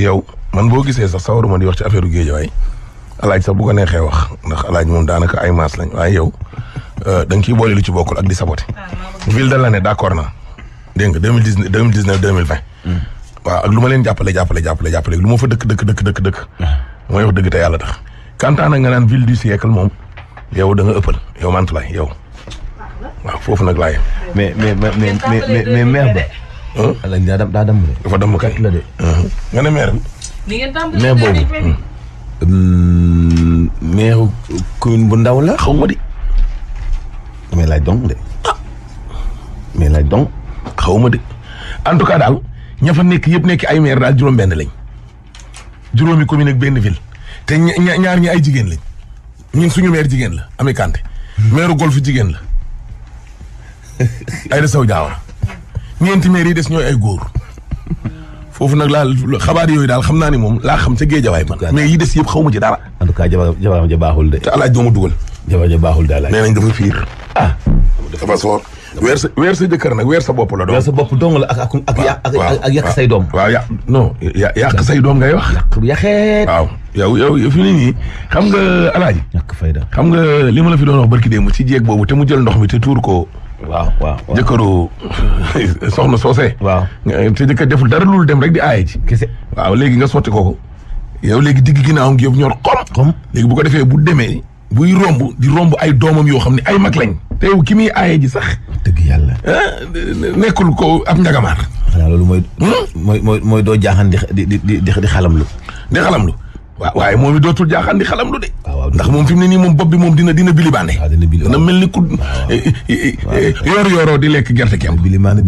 yow man boo gisee sax sawaruma di wax ci affaire géejawaay alaaj sax bu ko neexee wax ndax alaaj moom daanaka ay maas lañ waaye yow da nga boole lu ci bokkul ak di saboté ville de l'année d'accord na dégg nga deux mille dix deux mille dix neuf deux ma leen jàppale jàppale jàppale jàppale lu ma fa dëkk dëkk dëkk dëkk dëkk mooy wax dëgg te yàlla tax kantaan nag nga naan ville du moom yow da nga ëppal yow mantulaay yow waaw foofu nag laay mais mais mais mais mais léegi daa dam daa damm de. dafa damm kay la de. nga ne maire bi. ni ngeen tàmbali maire hmm. bu ndaw la xaw ma di. damay laaj dong de ah. damay laaj dong xaw ma di en tout cas daal ña nekk yëpp nekk ay maire daal juróom-benn lañ juróomi commune ak benn ville te ñaar ñi ay jigéen lañ ñun suñu meer jigéen la Ami Kanté. Hmm. maire golf jigéen la Aïda Sow Diawara. ñeenti maire yi des ñooy ay góor foofu nag laa xabaar yooyu daal xam naa ni moom laa xam ca géejawaay man mais yi des yëpp xaw ma ci dara. en tout cas jabaram ja baaxul de. te alaaj doo ma dugal. jabaram ja baaxul de alaaj. nee nañ dafa fiir. ah dafa soor. weer sa weer sa jëkkër nag weer sa bopp la doon. weer sa bopp dong la ak ak ak ak yàq say doom. waaw yàq non yàq say doom ngay wax. yàq yàqeet. waaw yow yow fi ni nii xam nga alaaji. ñàkk fayda xam nga li ma la fi doon wax barki démb ci jéeg boobu te mu jël ndox mi te tuur ko waaw waaw jëkkëru soxna soose. waaw te jëkkër deful dara lu dem rek di aaye ji. kese waaw léegi nga sotti kooku. yow léegi digg ginnaawam gi yow ñor kom. kom léegi bu ko defee bu demee. buy rombu di rombu ay doomam yoo xam ne ay mag lañ. te yow ki muy aaye ji sax. dëgg yàlla. Ah, nekkul ko ab njagamaar. xanaa mooy. Hmm? mooy mooy mooy doo jaaxaan di di di di xalamlu. di waaw waaye moom it dootul jaaxaan di xalam lu de. Ah, ndax moom fi mu ne nii moom bopp bi moom dina dina bilibaane. Ah, dina mel ni ku. yoor ah, yooroo di lekk gerte kemb.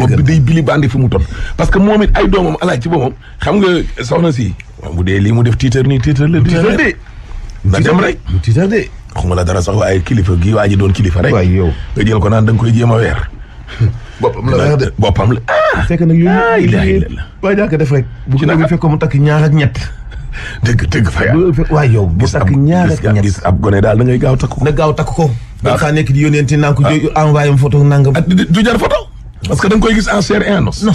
bopp bi day bilibaane fi mu toll. parce que moom it ay doomam alaaj ci boppam xam ga soxna si. bu dee lii mu def tiitar nii tiitar la. tiitar de na dem rek tiitar de. waxuma la dara sax waaye kilifa gi waa ji doon kilifa rek. waay yow nga ko naan da nga koy jéem a weer. boppam la wax de boppam fekk nag yooyu. ah Ilaah Ilaah. waaye daa ko def rek. bu ko fekkoon mu takk ñaar ak ñett dëgg dëgg fa yàlla. yow bu takk ñaar ak ab gone daal da ngay gaaw takk gaaw takk ko. waaw ah. da nekk di yónneenti ah. ah, du jar photo parce que da koy gis en chair et en os. non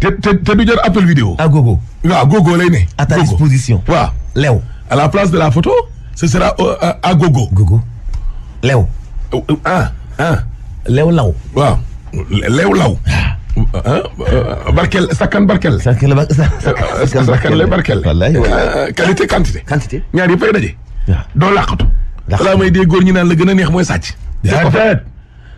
te te te du jar appel vidéo. à gogo. lay ne. à ta disposition. lew. à la place de la photo ce sera euh, euh, à gogo. gogo lew. Euh, law. lew law. Euh, euh, euh, barkel sakkan barkel. sakkan la sakkan la barkel. wallaahi wallaahi qualité quantité. quantité ñaar yëpp ay daje. waaw doo làqatu. laa may dee góor ñi naan la gën a neex mooy sàcc. jaajëf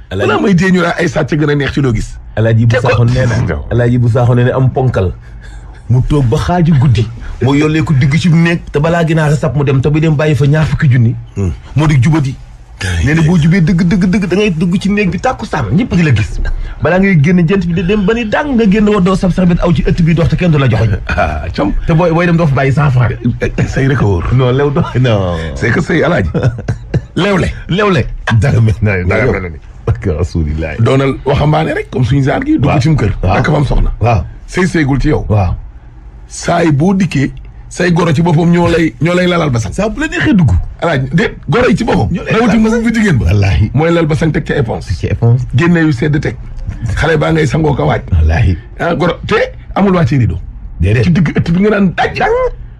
balaa may dee ñu naan ay sàcc gën a neex ci loo gis. alaaji bu saaxoon nee na alaaji bu saaxoon nee na am ponkal. mu toog ba xaaji guddi moo yollee ko digg ci mu nekk. te balaa ginaar a sap mu dem te bu dem bàyyi fa ñaar fukki junni. Hmm. moo di jubati. nee na boo jubee dëgg dëgg dëgg da dugg ci néeg bi tàkku sànn ñëpp di la gis balaa ngay génn jent bi dem ba ni dàng nga génn war doo sab sarbet aw ci ëtt bi dox te kenn du la joxoñ ah, com te booy booy dem doo fa bàyyi cent franc eh, say rek a wóor non lew do non c'est que say alaaji lewle lewle dara mel na dara mel na ni alhamdulilah doonal waxambaane rek comme suñu genre gi dugg ci mu kër ak fam soxna waaw sëy séygul ci yow waaw saay boo dikkee say goro ci boppam ñoo lay ñoo lay lalal basang. saa bu la neexee dugg. alaaj déet goro yi ci boppam. ñoo lay lalal basang rawatina bu jigéen ba. wallaahi mooy lal basang teg ci éponge. teg ci yu sedd teg. xale baa ngay sangoo ko waaj. wallaahi ah goro te amul wàcce rido. déedéet ci digg ëtt bi nga naan daj.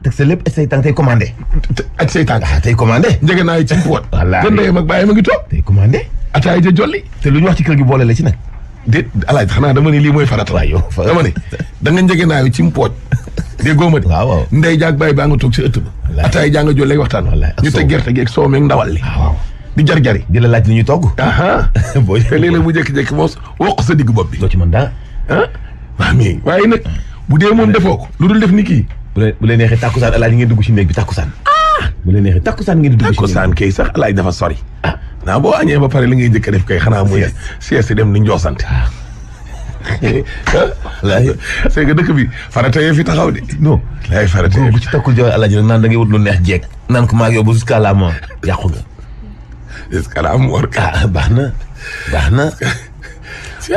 teg sa lépp ak say tànk tey commandé. ak say tànk ah tey commandé. njëgën naa ci poot. wallaahi kon ndeyam ak bàyyam a ngi toog. tey commandé. ataay ja jolli. te lu ñu wax ci kër gi boole la ci nag. déet alaaj xanaa dama ne lii mooy farata. waaw yow dama ne da nga njëgën naa ci poot de ma de. waaw waaw ndey jaag bàyyi baa toog si ëtt ba. wallaahi ataay jàng jool lay waxtaan. wallaahi ñu teg gerte gi ak soow meeg ndawal li. di jar jari. di la laaj li ñuy togg. boo jëlee léeg-léeg mu jékki-jékki moos wokk sa digg bopp bi. doo ci mën dara. ah waaw mais waaye nag. bu dee moon defoo lu dul def ni kii. bu leen bu leen neexee tàkkusaan alaaji ngeen dugg si néeg bi tàkkusaan. Ah! bu leen neexee tàkkusaan ngeen di sax alaaji dafa sori. Ah. naa boo añee ba pare li ngay njëkk a def kay xanaa muy sieste dem ni njoosante ah. wallaahi c'est que dëkk bi farata yee fi taxaw de non laay farata yee bu ci takkul jaww alaaji naan da ngay wut lu neex jeeg naan ko maa ngi yow ba jusqu'à la mort yàqu nga jusqu'à la mort ah baax na baax na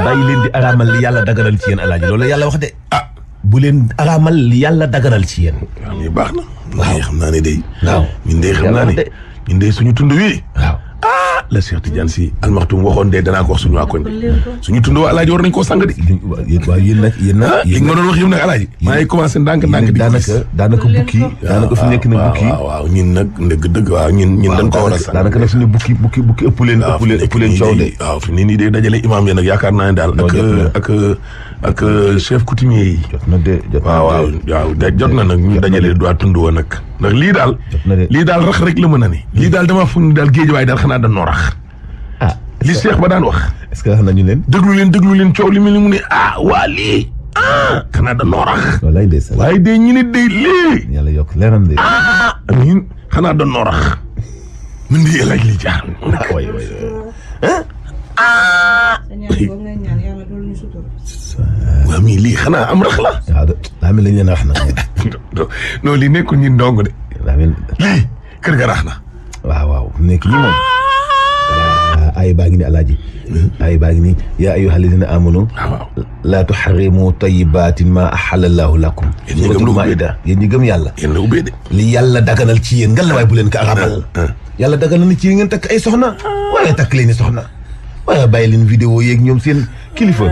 bàyyi leen di araamal li yàlla daganal ci yéen alaaji loolu yàlla wax de ah bu leen araamal li yàlla daganal ci yéen waaw lii baax na waaw xam naa ne day waaw ñun day xam naa ne ñun day suñu tund wi la Cheikh Tidiane si almaxtum waxoon de danaa ko wax suñu waa koñ de suñu tundoo alaaji war nañ koo sàng de waaw li ah, nga ma doon wax nag alaaji maa ngi commencé ndànk ndànk di daanaka daanaka bukki daanaka fi nekk na ah, bukki waaw nag ndëgg dëgg waaw ñun ñun dañ ko war a sàng daanaka nag suñu bukki bukki bukki ëpp leen ah, ëpp leen ëpp leen coow de waaw fi nii nii de dajale imaam ya nag yaakaar naa ne daal ak ak ak euh, chef yi jot na de waaw waaw waaw jot na nag ñu dajale doit tund nag ndax lii daal. lii daal rax rek la mën a ne. lii daal damaa foog ni daal géej waaye daal xanaa dañoo rax. ah li Cheikh ba daan wax. est-ce que wax nañu leen. déglu leen déglu leen coow li mu ne mu ne ah waa lii. ah xanaa dañoo rax. walaay de sa waaye de ñu ne de lii. yàlla yokk leeram de. ah amiin xanaa dañoo rax. mën di El Hadj li jaar. ah waay waay waay ah. waaw mais lii xanaa am rax la. waaw daa mel ni ñu ne rax na. non lii nekkul ñun dong de. daa mel lii kër ga rax na. waaw waaw nekk lii moom. Ah. ay baa ngi ni alaaji hmm? ay baa ngi ni yaa ayyuha alladina amanu ah, laa tuxarimu tayibatin ma axala allahu lakum suratul maida yéen ñi gëm yàlla yéen la ubbee de li yàlla daganal ci yéen nga la waay bu leen ko aramal ah, yàlla daganal na ci yéen ngeen takk ay soxna waaye takk leen ni soxna waaye bàyyi leen vidéo yeeg ñoom seen kilifa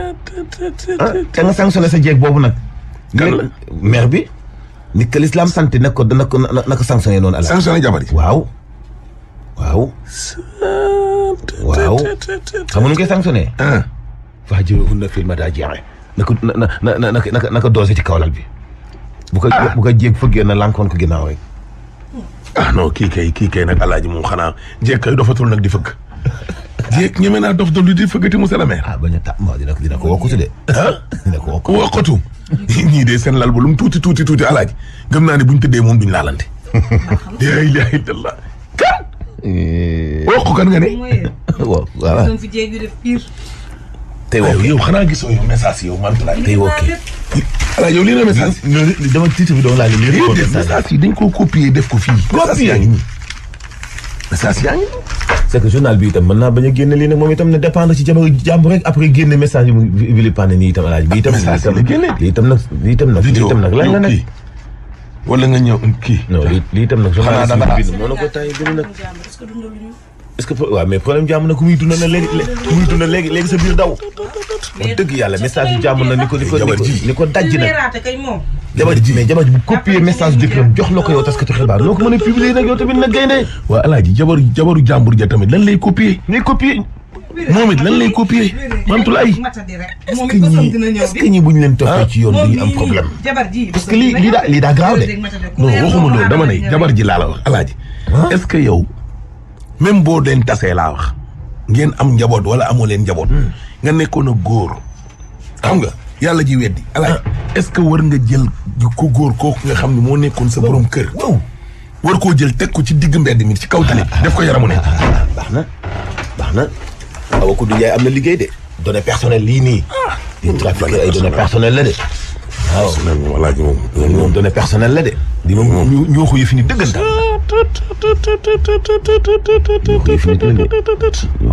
ah, ah te sa jeeg boobu nag. kan bi. ni que l'islam sant ne ko dana ko na ko sanctionné noonu. ala sanctionné jabar yi waaw. waaw. waaw koy sanctionné. Ah. fahjuruhunna fil na ko na na na doose ci kawlal bi. bu ko ah. bu fëggee na lànkoon ko ginnaaw rek. kii kay kii kay nag alaaji moom xanaa jéeg kay dofatul nag di fëgg. jéeg ñeme naa dof dof lu di fëggati monsieur le maire. ah bañ a tàmm dina ko dina ko wokkatu de. dina ko wokkatu wokkatu. ñii de seen lal ba lu mu tuuti tuuti tuuti alaaji gëm naa ne buñ tëddee moom duñ laalante. la ilaha illallah kan. Eh. wokk nga ne. waaw voilà. tey wokk yow xanaa gisoo yow message yow man la tey wokk voilà yow lii na message. dama titre bi doon laaj dañ koo copier def ko fii. copier yaa message yaa ngi c'est que journal bi itam mën naa bañ a génne lii nag moom itam ne dépendre ci jamono jàmm rek après génne message yi mu vilipande nii itam alaaj bi itam lii itam nag lii itam nag lii itam nag lan kii non lii itam nag journal bi bind moo na ko tay nag est-ce problème jàmm na ku muy dund na léegi muy dund na léegi léegi sa message bi na ni ko daj na. jabar ji bu copier message jëkkëram jox la ko yow taskatu xibaar loo ko mën a nag yow tamit nag gaynde. waa alaaji jabaru jabaru jàmbur ja tamit lan moom it lan lay copier. Mantoulaye est-ce que bu ñu leen toppee ci yoon bi am problème. parce que lii lii daa lii daa grave de. non waxuma loolu dama ne jabar ji laa la wax alaaji. est-ce que yow même boo leen tasee laa wax ngeen am njaboot wala amoo leen njaboot. Hmm. nga nekkoon a góor. xam nga yàlla ji weddi. Ah. alaaj est-ce que war nga jël ko góor kooku nga xam ne moo nekkoon sa borom kër. war koo jël teg ko ci digg mbedd mi ci kaw tali. def ko yaramu ne. Ah, ah, baax na baax na. awa Koudou Ndiaye am na liggéey de. données personnelles lii nii. di trafiquer ay données personnelles la de. waaw personnelles moom walaaj moom. moom données personnelles la de. di moom ñoo yëf ni dëggantaan. wax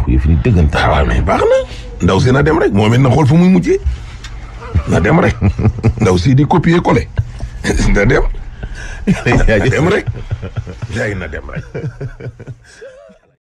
yëf ni dëggante waaw mais baax na ndaw si na dem rek moom it na xool fu muy mujjee na dem rek ndaw si di copier coller na dem na dem rek yaay na dem rek